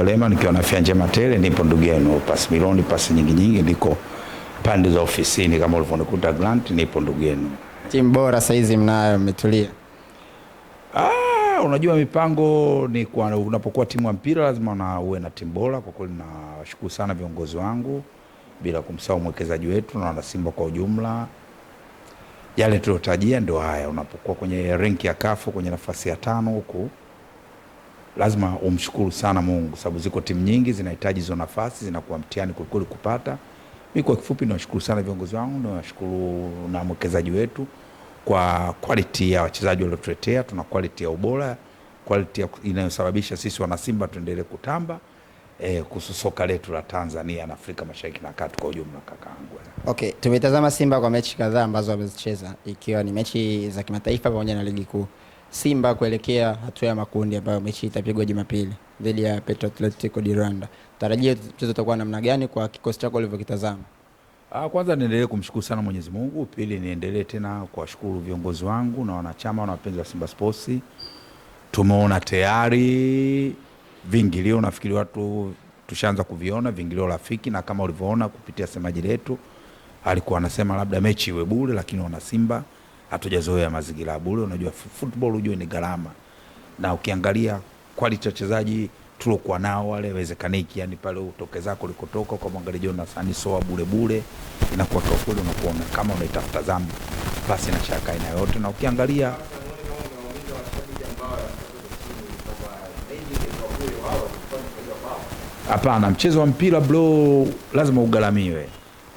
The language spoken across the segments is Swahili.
Lema nikiwa nafia njema tele, nipo ndugu yenu pasi milioni pasi nyingi nyingi, niko pande za ofisini kama ulivyonikuta Grant, nipo ndugu yenu. Timu bora saizi mnayo, mmetulia. Ah, unajua mipango ni kwa, unapokuwa timu ya mpira lazima na uwe na timu bora. Kwa kweli nashukuru sana viongozi wangu bila kumsahau mwekezaji wetu na wanasimba kwa ujumla. Yale tuliyotarajia ndio haya, unapokuwa kwenye renki ya kafu kwenye nafasi ya tano huku lazima umshukuru sana Mungu, sababu ziko timu nyingi zinahitaji hizo nafasi, zinakuwa mtihani kwa kupata. Mimi kwa kifupi, nawashukuru sana viongozi wangu, nawashukuru na mwekezaji wetu kwa quality ya wachezaji waliotuletea. Tuna quality ya ubora, quality inayosababisha sisi wanasimba tuendelee kutamba eh, kuhusu soka letu la Tanzania na Afrika Mashariki na Kati kwa ujumla. Kakaangu, okay, tumetazama Simba kwa mechi kadhaa ambazo wamezicheza ikiwa ni mechi za kimataifa pamoja na ligi kuu. Simba kuelekea hatua ya makundi ambayo mechi itapigwa Jumapili dhidi ya Petro Atletico di Rwanda. Tarajia mchezo utakuwa namna gani kwa kikosi chako ulivyokitazama? Ah, kwanza niendelee kumshukuru sana Mwenyezi Mungu, pili niendelee tena kuwashukuru viongozi wangu na wanachama na wapenzi wa Simba Sports. Tumeona tayari vingilio, nafikiri watu tushaanza kuviona viingilio rafiki, na kama ulivyoona kupitia semaji letu alikuwa anasema labda mechi iwe bure, lakini wana Simba hatujazoea mazingira ya bure. Unajua football hujue ni gharama, na ukiangalia quality wachezaji tuliokuwa nao wale, wezekaniki yani pale utoke zako ulikotoka ukamwangalia Jonas soa bure bure, inakuwa kwa kweli unakuwa kama unaitafuta dhambi basi na shaka aina yote, na ukiangalia hapana, mchezo wa mpira bro, lazima ugharamiwe.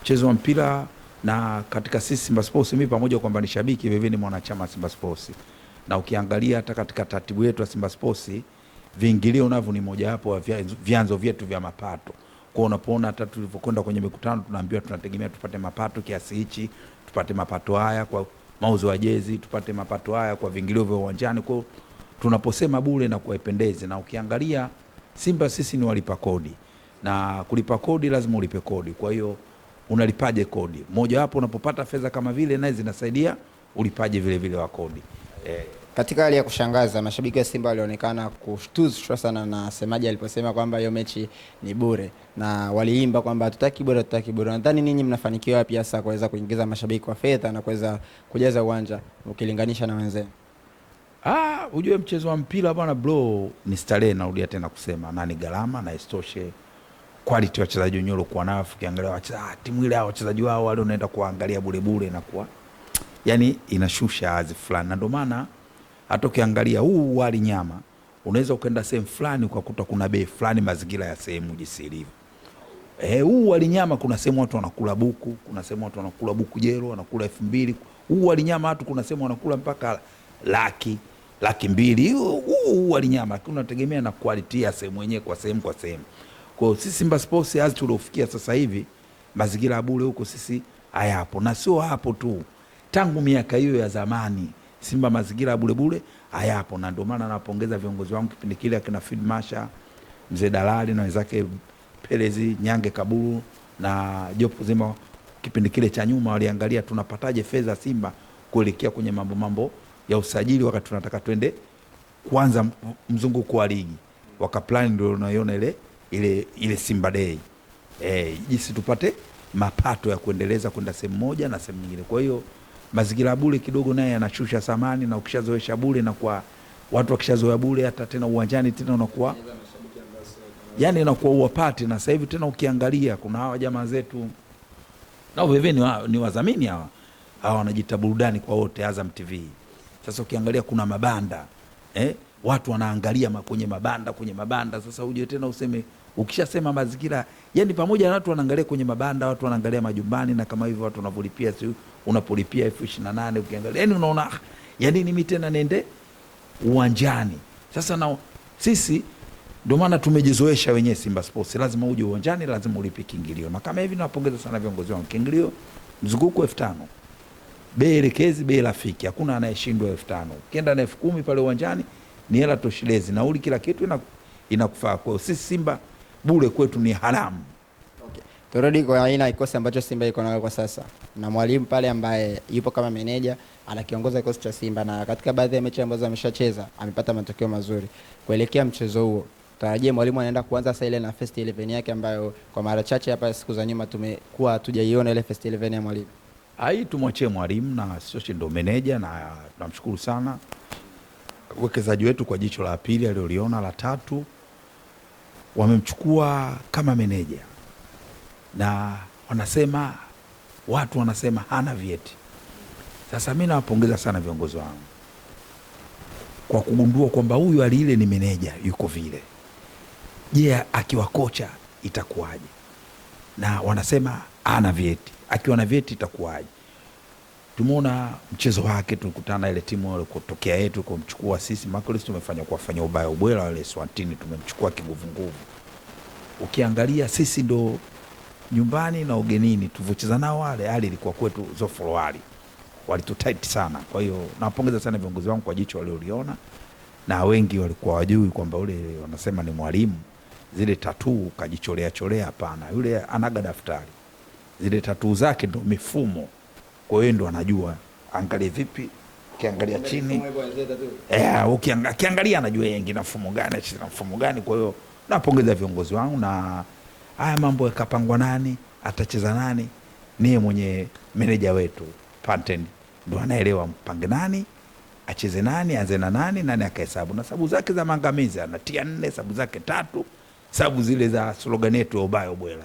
Mchezo wa mpira na katika sisi Simba Sports, mimi pamoja kwamba ni shabiki vivyo ni mwanachama Simba Sports, na ukiangalia hata katika taratibu yetu ya Simba Sports viingilio navyo ni mojawapo wa vyanzo vyetu vya mapato. Kwa unapoona hata tulivyokwenda kwenye mikutano tunaambiwa tunategemea tupate mapato kiasi hichi, tupate mapato haya kwa mauzo ya jezi, tupate mapato haya kwa viingilio vya uwanjani. Kwa tunaposema bure na kuipendeze, na ukiangalia Simba sisi ni walipa kodi na kulipa kodi lazima ulipe kodi, kwa hiyo unalipaje kodi. wapo unapopata fedha kama vile naye zinasaidia ulipaje vile vile wa kodi eh. Katika hali ya kushangaza mashabiki wa Simba walionekana kushtushwa sana na semaji aliposema kwamba hiyo mechi ni bure, na waliimba kwamba tutaki bure, tutaki bure. Nadhani ninyi mnafanikiwa wapi hasa kuweza kuingiza mashabiki wa fedha na kuweza kujaza uwanja ukilinganisha na wenzenu. Ah, ujue mchezo wa mpira bwana bro, ni starehe, narudia tena kusema, na ni gharama na istoshe quality wachezaji wenyewe walikuwa nao, ukiangalia wacha ah, timu ile wachezaji wao wale unaenda kuangalia bure bure, na kwa yani inashusha azi fulani, na ndio maana hata ukiangalia huu wali nyama unaweza ukaenda sehemu fulani ukakuta kuna bei fulani, mazingira ya sehemu jinsi ilivyo. Eh, huu wali nyama kuna sehemu watu wanakula buku, kuna sehemu watu wanakula buku jero, wanakula elfu mbili. Huu wali nyama watu kuna sehemu wanakula mpaka laki laki mbili. Huu wali nyama unategemea na quality ya sehemu yenyewe, kwa sehemu kwa sehemu. Kwa hiyo sisi Simba Sports as yaani tuliofikia sasa hivi, mazingira bure huko sisi hayapo, na sio hapo tu, tangu miaka hiyo ya zamani Simba mazingira bure bure hayapo, na ndio maana napongeza viongozi wangu kipindi kile, akina Fid Masha, mzee Dalali na wenzake Pelezi Nyange Kaburu na jopo zima kipindi kile cha nyuma waliangalia tunapataje fedha Simba kuelekea kwenye mambo mambo ya usajili, wakati tunataka twende kuanza mzunguko wa ligi, wakaplani, ndio unaiona ile ile ile Simba Day eh, jinsi tupate mapato ya kuendeleza kwenda sehemu moja na sehemu nyingine. Kwa hiyo mazingira bure kidogo naye yanashusha thamani, na ukishazoesha bure na kwa watu wakishazoea bure, hata tena uwanjani tena unakuwa yani inakuwa uwapate. Na sasa hivi tena ukiangalia kuna hawa jamaa zetu nao veve ni, wa, ni wadhamini hawa hawa wanajiita burudani kwa wote Azam TV. Sasa ukiangalia kuna mabanda eh, watu wanaangalia kwenye mabanda kwenye mabanda, sasa uje tena useme Ukishasema mazingira, yani pamoja na watu wanaangalia kwenye mabanda, watu wanaangalia majumbani, na kama hivyo watu wanapolipia, si unapolipia elfu ishirini na nane ukiangalia, yani unaona ah, yani ni mimi tena nende uwanjani sasa. Na sisi ndio maana tumejizoesha wenyewe, Simba Sports lazima uje uwanjani, lazima ulipe kiingilio. Na kama hivi nawapongeza sana viongozi wangu, kiingilio mzunguko elfu tano bei elekezi, bei rafiki, hakuna anayeshindwa elfu tano Ukienda na elfu kumi pale uwanjani ni hela toshelezi, nauli, kila kitu inakufaa. Kwa hiyo sisi Simba bure kwetu ni haramu. Turudi kwa aina kikosi ambacho Simba iko nayo kwa sasa na mwalimu pale ambaye yupo kama meneja anakiongoza kikosi cha Simba na katika baadhi ya mechi ambazo ameshacheza amepata matokeo mazuri. Kuelekea mchezo huo, tarajie mwalimu anaenda kuanza sasa ile na first 11 yake ambayo kwa mara chache hapa siku za nyuma tumekuwa hatujaiona ile first 11 ya mwalimu. Hai, tumwachie mwalimu na sio sisi ndo meneja, na tunamshukuru sana uwekezaji wetu kwa jicho la pili alioliona la tatu wamemchukua kama meneja, na wanasema watu wanasema hana vyeti. Sasa mi nawapongeza sana viongozi wangu kwa kugundua kwamba huyu hali ile ni meneja yuko vile. Je, yeah, akiwa kocha itakuwaje? Na wanasema ana vyeti, akiwa na vyeti itakuwaje? tumeona mchezo wake, tulikutana ile timu kutokea yetu kumchukua sisi Marcus, tumefanya kuwafanya ubaya ubwela wale Swatini, tumemchukua kinguvu nguvu. Ukiangalia sisi ndo nyumbani na ugenini tuvocheza nao wale, hali ilikuwa kwetu zofolo, hali walitutait sana. Kwa hiyo nawapongeza sana viongozi wangu kwa jicho walioliona, na wengi walikuwa wajui kwamba ule wanasema ni mwalimu, zile tatuu kajicholea cholea, Hapana, yule anaga daftari, zile tatuu zake ndo mifumo kwa hiyo ndo anajua angalie vipi, kiangalia chini eh, ukiangalia anajua yengi na mfumo gani, na mfumo gani. Kwa hiyo napongeza viongozi wangu, na haya mambo yakapangwa nani atacheza nani, niye mwenye meneja wetu Panten ndo anaelewa mpange nani acheze nani anze na nani nani akahesabu na sabu zake za maangamizi anatia nne, sabu zake tatu, sabu zile za slogan yetu ya ubaya ubwela.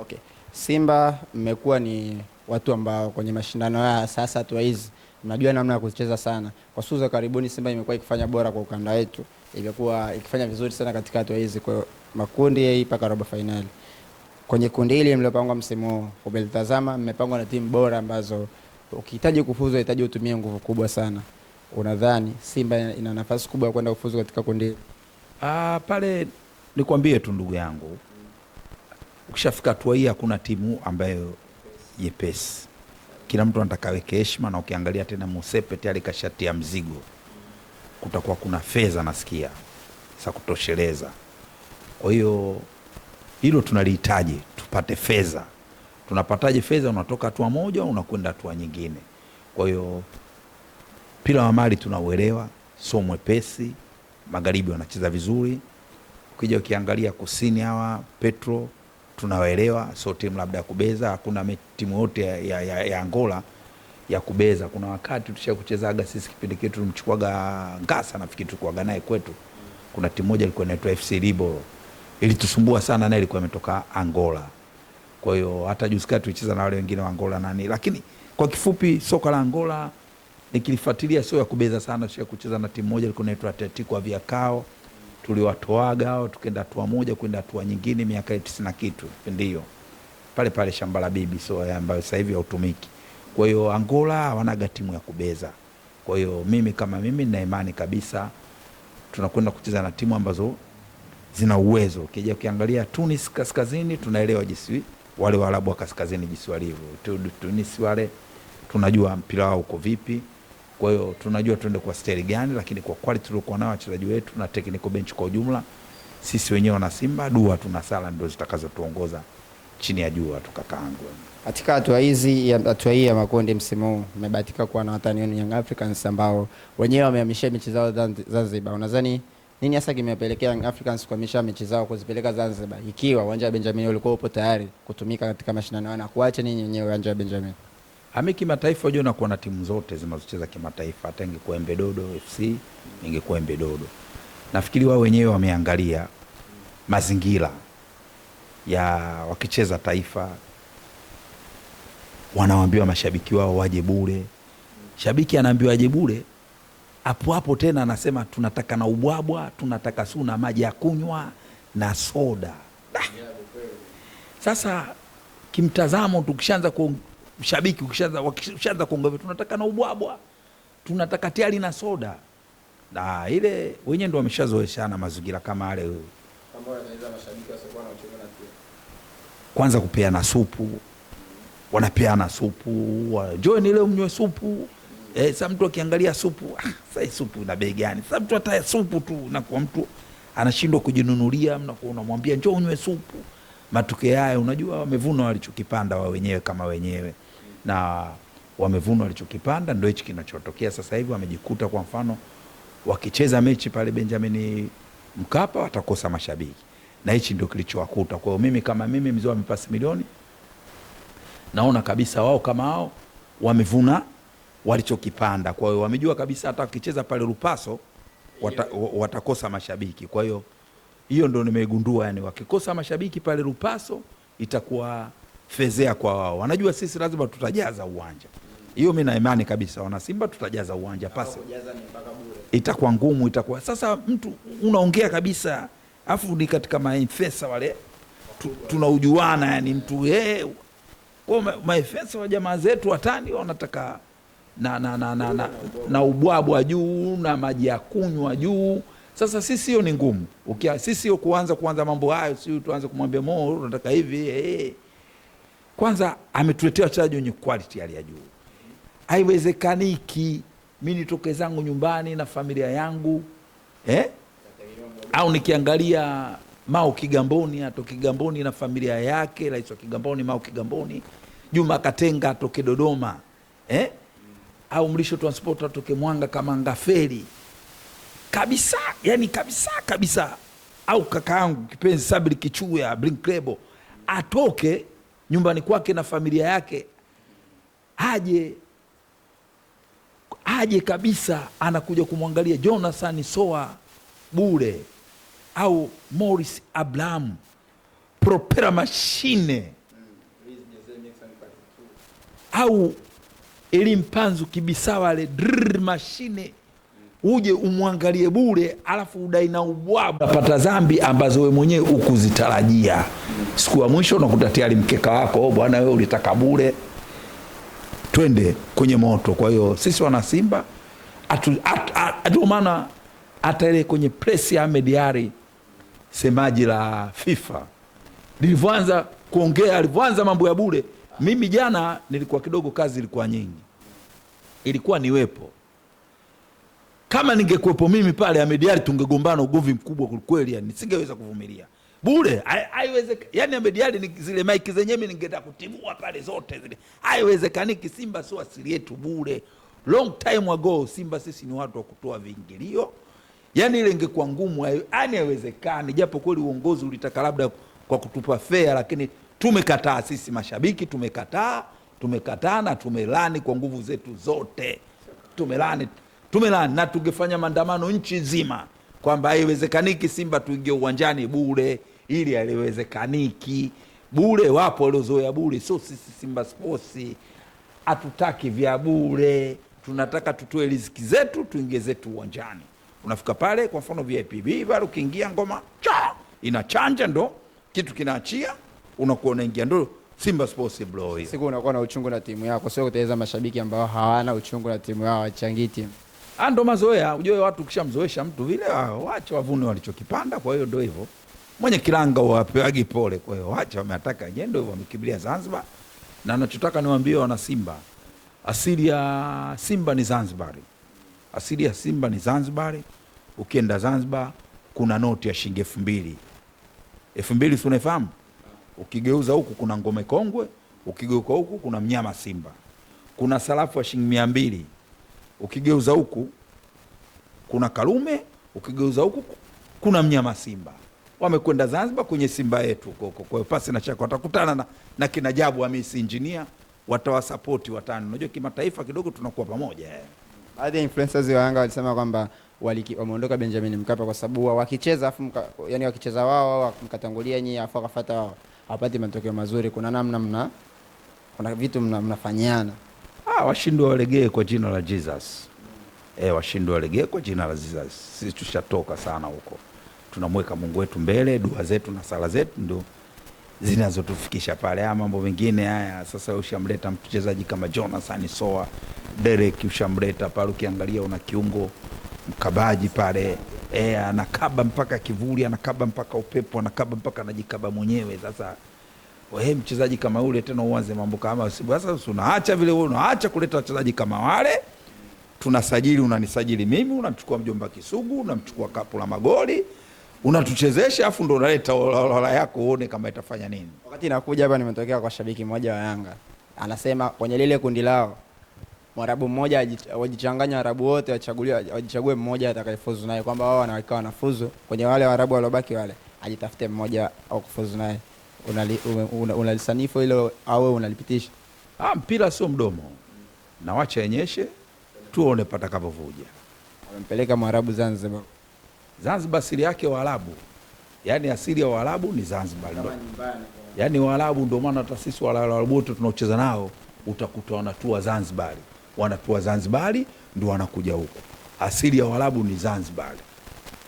Okay, Simba mmekuwa ni watu ambao kwenye mashindano ya sasa hatua hizi mnajua namna ya kucheza sana. Kwa siku za karibuni, Simba imekuwa ikifanya bora kwa ukanda wetu, imekuwa ikifanya vizuri sana katika hatua hizi kwa makundi hii mpaka robo fainali. Kwenye kundi hili mliopangwa msimu huu, umelitazama, mmepangwa na timu bora ambazo ukihitaji kufuzu unahitaji utumie nguvu kubwa sana. Unadhani Simba ina nafasi kubwa ya kwenda kufuzu katika kundi hili? Ah, pale nikwambie tu ndugu yangu, ukishafika hatua hii hakuna timu ambayo jepesi. Kila mtu anataka aweke heshima, na ukiangalia tena Musepe tayari kashatia mzigo, kutakuwa kuna fedha nasikia za kutosheleza. Kwa hiyo hilo tunalihitaji tupate fedha. Tunapataje fedha? Unatoka hatua moja unakwenda hatua nyingine. Kwa hiyo mpira wa mali tunauelewa, sio mwepesi. Magharibi wanacheza vizuri, ukija ukiangalia kusini hawa Petro tunawaelewa, sio timu labda ya kubeza. Hakuna timu yote ya, ya, ya, ya Angola ya kubeza. Kuna wakati kuchezaga sisi kipindi kitu tulimchukuaga Ngasa, nafikiri tulikuwaga naye kwetu. Kuna timu moja ilikuwa inaitwa FC Liboro ilitusumbua sana, naye ilikuwa imetoka Angola. Kwa hiyo hata juzi kati tulicheza na wale wengine wa Angola nani, lakini kwa kifupi soka la Angola nikilifuatilia sio ya kubeza sana. sio kucheza na timu moja ilikuwa inaitwa Atletico Viacao tuliwatoaga hao tukenda hatua moja kwenda hatua nyingine, miaka ya tisini na kitu ndio pale pale shamba la bibi so eh, ambayo sasa hivi hautumiki. Kwa hiyo Angola hawanaga timu ya kubeza. Kwa hiyo mimi kama mimi nina imani kabisa tunakwenda kucheza na timu ambazo zina uwezo. Ukija ukiangalia Tunis kaskazini, tunaelewa jinsi wale Waarabu wa kaskazini jinsi walivyo. Tunis wale tunajua mpira wao uko vipi. Kwa hiyo tunajua tuende kwa staili gani, lakini kwa quality tuliokuwa nayo wachezaji wetu na technical bench kwa ujumla, sisi wenyewe wana Simba dua tuna sala ndio zitakazotuongoza chini ya jua tukakaangwa Katika hatua hizi hatua hii ya makundi msimu huu kuwa na watani wenu Young Africans ambao wenyewe wamehamishia mechi zao Zanzibar. Unadhani nini hasa kimepelekea Young Africans kuhamisha mechi zao kuzipeleka Zanzibar ikiwa uwanja wa Benjamin ulikuwa upo tayari kutumika katika mashindano haya na kuacha ninyi wenyewe uwanja wa Benjamin? Ami kimataifa unajua nakuwa na timu zote zinazocheza kimataifa, hata ingekuwa Embedodo FC ingekuwa Embedodo. Nafikiri wao wenyewe wameangalia mazingira ya wakicheza taifa, wanawambiwa mashabiki wao waje bure. Shabiki anaambiwa aje bure, hapo hapo tena anasema tunataka na ubwabwa, tunataka su na maji ya kunywa na soda. Sasa kimtazamo tukishaanza ku mshabiki ukishaanza wakishaanza kuongea tunataka na ubwabwa, tunataka tiari na soda na ile, wenyewe ndo wameshazoeshana mazingira kama yale, kwanza kupeana supu, wanapeana supu, ni leo mnywe supu mm. eh. Sasa mtu akiangalia supu, ah, sasa supu na bei gani? Sasa mtu hata supu tu na kwa mtu anashindwa kujinunulia, mnakuwa unamwambia njoo unywe supu. Matokeo haya unajua wamevuna walichokipanda wa wenyewe kama wenyewe na wamevuna walichokipanda, ndio hichi kinachotokea sasa hivi. Wamejikuta kwa mfano wakicheza mechi pale Benjamin Mkapa watakosa mashabiki, na hichi ndio kilichowakuta. Kwa hiyo mimi kama mimi mzee wa mipasi milioni naona kabisa wao kama hao wamevuna walichokipanda. Kwa hiyo wamejua kabisa hata wakicheza pale Lupaso wata, watakosa mashabiki. Kwa hiyo hiyo ndio nimeigundua, yani wakikosa mashabiki pale Lupaso itakuwa fezea kwa wao, wanajua sisi lazima tutajaza uwanja. Hiyo mi na imani kabisa, wanasimba tutajaza uwanja pasi, itakuwa ngumu, itakuwa sasa. Mtu unaongea kabisa, afu ni katika maefesa wale tunaujuana, yani mtu hey, eh, maefesa wa jamaa zetu watani wanataka na, na, na, na, na, na ubwabwa juu na maji ya kunywa juu. Sasa sisi hiyo ni ngumu, sisi kuanza kuanza mambo hayo, si tuanze kumwambia Mo unataka hivi hey. Eh, eh. Kwanza ametuletea wachezaji wenye quality hali ya juu. Haiwezekaniki mi nitoke zangu nyumbani na familia yangu eh? au nikiangalia Mao Kigamboni atoke Kigamboni na familia yake, rais wa Kigamboni Mao Kigamboni, Juma Katenga atoke Dodoma eh? au Mrisho Transport atoke Mwanga kama ngaferi kabisa, yani kabisa kabisa, au kakaangu kipenzi Sabri Kichuya Brinklebo atoke nyumbani kwake na familia yake, aje aje kabisa, anakuja kumwangalia Jonathan Soa bure au Morris Abraham propera mashine au Elimpanzu Kibisawale drrr mashine uje umwangalie bure, alafu udai na ubwabu, unapata dhambi ambazo we mwenyewe ukuzitarajia siku ya mwisho unakuta tayari mkeka wako oh, bwana, wewe ulitaka bure, twende kwenye moto. Kwa hiyo sisi wana Simba ndio maana hata ile kwenye press ya Ahmed Ally semaji la FIFA nilivyoanza kuongea, alivyoanza mambo ya bure, mimi jana nilikuwa kidogo, kazi ilikuwa nyingi, ilikuwa niwepo kama ningekuwepo mimi pale Ahmed Ally tungegombana ugomvi mkubwa kwelikweli, yani nisingeweza kuvumilia bure, haiwezekani. Yani amediali ni zile maiki zenyewe ningeenda kutimua pale zote zile, haiwezekaniki. Simba sio asili yetu bure. Long time ago Simba sisi ni watu wa kutoa viingilio, yani ile ingekuwa ngumu, yani haiwezekani. Japo kweli uongozi ulitaka labda kwa kutupa fea, lakini tumekataa sisi mashabiki, tumekataa, tumekataa na tumelani kwa nguvu zetu zote, tumelani, tumelani na tungefanya maandamano nchi nzima kwamba haiwezekaniki Simba tuingie uwanjani bure, ili haliwezekaniki bure. Wapo waliozoea bure, sio sisi Simba Sports. Hatutaki vya bure, tunataka tutoe riziki zetu, tuingie zetu uwanjani. Unafika pale, kwa mfano VIPB pale, ukiingia ngoma cha inachanja, ndo kitu kinaachia, unakuwa unaingia, ndo Simba Sports bro. Siku unakuwa na uchungu na timu yako, sio kuteleza mashabiki ambao hawana uchungu na timu yao, wachangii timu Ah, ndo mazoea. Ujue watu ukishamzoesha mtu vile ah, wacha wavune walichokipanda, kwa hiyo ndo hivyo. Mwenye kiranga wapewagi pole, kwa hiyo wacha wameataka wenyewe ndo hivyo wamekimbilia Zanzibar. Na anachotaka niwaambie wana Simba, asili ya Simba ni Zanzibar, Asili ya Simba ni Zanzibar. Ukienda Zanzibar kuna noti ya shilingi elfu mbili. Elfu mbili si unaifahamu? Ukigeuza huku kuna ngome kongwe, ukigeuka huku kuna mnyama simba. Kuna sarafu ya shilingi mia mbili ukigeuza huku kuna Karume, ukigeuza huku kuna mnyama Simba. Wamekwenda Zanzibar kwenye Simba yetu huko, kwa hiyo pasi na shaka watakutana na, na kina Jabu Hamisi Engineer, watawasapoti watano. Unajua kimataifa kidogo tunakuwa pamoja. Eh. Baadhi ya influencers wa Yanga walisema kwamba wameondoka Benjamin Mkapa kwa sababu wakicheza afu yani wakicheza wao mkatangulia nyinyi afu akafuata wao hawapati matokeo mazuri. Kuna namna mna kuna vitu mnafanyiana mna ah, walegee kwa jina la Jesus. E, eh, washindwa walegee kwa jina la Jesus. Sisi tushatoka sana huko, tunamweka Mungu wetu mbele, dua zetu na sala zetu ndio zinazotufikisha pale. Haya mambo mengine haya sasa, ushamleta mchezaji kama Jonathan Soa, Derek, ushamleta pale, ukiangalia una kiungo mkabaji pale e, anakaba mpaka kivuli, anakaba mpaka upepo, anakaba mpaka anajikaba mwenyewe sasa wewe mchezaji kama ule tena uanze mambo kama sasa, unaacha vile wewe unaacha kuleta wachezaji kama wale, tunasajili, unanisajili mimi, unamchukua mjomba Kisugu, unamchukua kapu la magoli, unatuchezesha afu ndo unaleta ola yako, uone kama itafanya nini. Wakati inakuja hapa, nimetokea kwa shabiki mmoja wa Yanga anasema kwenye lile kundi lao Mwarabu mmoja wajichanganya, Waarabu wote wachaguliwe, wajichague mmoja atakayefuzu naye, kwamba wao wanawekewa wanafuzu kwenye wale Waarabu waliobaki wale, ajitafute mmoja au kufuzu naye unalisanifu hilo au unalipitisha? Ah, mpira sio mdomo, nawacha yenyeshe, tuone patakavyovuja. Amempeleka mwarabu Zanzibar. Zanzibar asili yake Waarabu, yaani asili ya Waarabu ni Zanzibar, yaani Waarabu. Ndio maana hata sisi Waarabu wote tunaocheza nao utakuta wanatua Zanzibari, wanatua Zanzibari ndio wanakuja huku. Asili ya Waarabu ni Zanzibari.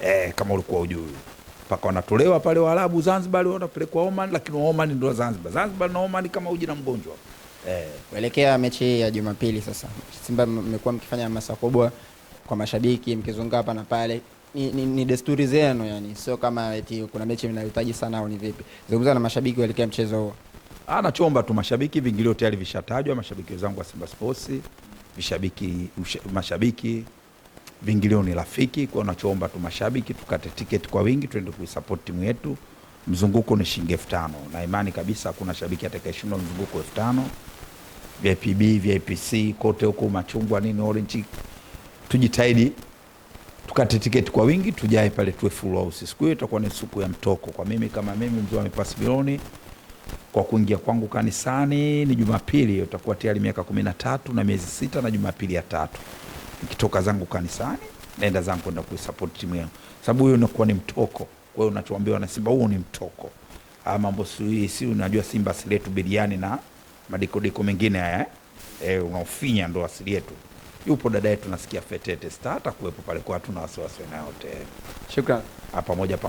eh, kama ulikuwa ujui mpaka wanatolewa pale Waarabu Zanzibar, wanapelekwa Oman, lakini Oman ndio Zanzibar, Zanzibar na Oman kama uji na mgonjwa eh. mechi ya Jumapili sasa, Simba mmekuwa mkifanya hamasa kubwa kwa mashabiki, mkizunga hapa na pale ni, ni, ni desturi zenu yani, sio kama eti kuna mechi mnahitaji sana au ni vipi? Zungumza na mashabiki kuelekea mchezo huo. Ah, Nachomba tu mashabiki, vingilio tayari vishatajwa, mashabiki wenzangu wa Simba Sports, mashabiki Vingilio ni rafiki, kwa unachoomba tu mashabiki tukate tiketi kwa wingi, tuende kuisupport timu yetu. Mzunguko ni shilingi elfu tano na imani kabisa kuna shabiki atakayeshindwa mzunguko elfu tano VIPB, VIPC kote huko machungwa nini orange, tujitahidi tukate tiketi kwa wingi, tujae pale tuwe full house. Siku hiyo itakuwa ni siku ya mtoko kwa mimi kama mimi mzee wa mipasi milioni kwa kuingia kwangu kanisani ni Jumapili, utakuwa tayari miaka kumi na tatu na miezi sita na Jumapili ya tatu nikitoka zangu kanisani naenda zangu kwenda kuisupport timu yangu, sababu huyo unakuwa ni mtoko. Kwa hiyo unachoambia Simba, huo ni mtoko, ah, mambo si unajua, Simba asili yetu biriani na madikodiko mengine haya eh? eh, unaofinya ndo asili yetu. Yupo dada yetu nasikia Fetete Star atakuwepo pale, kwa hatuna wasiwasi nayote. Shukrani ah, pamoja pamoja.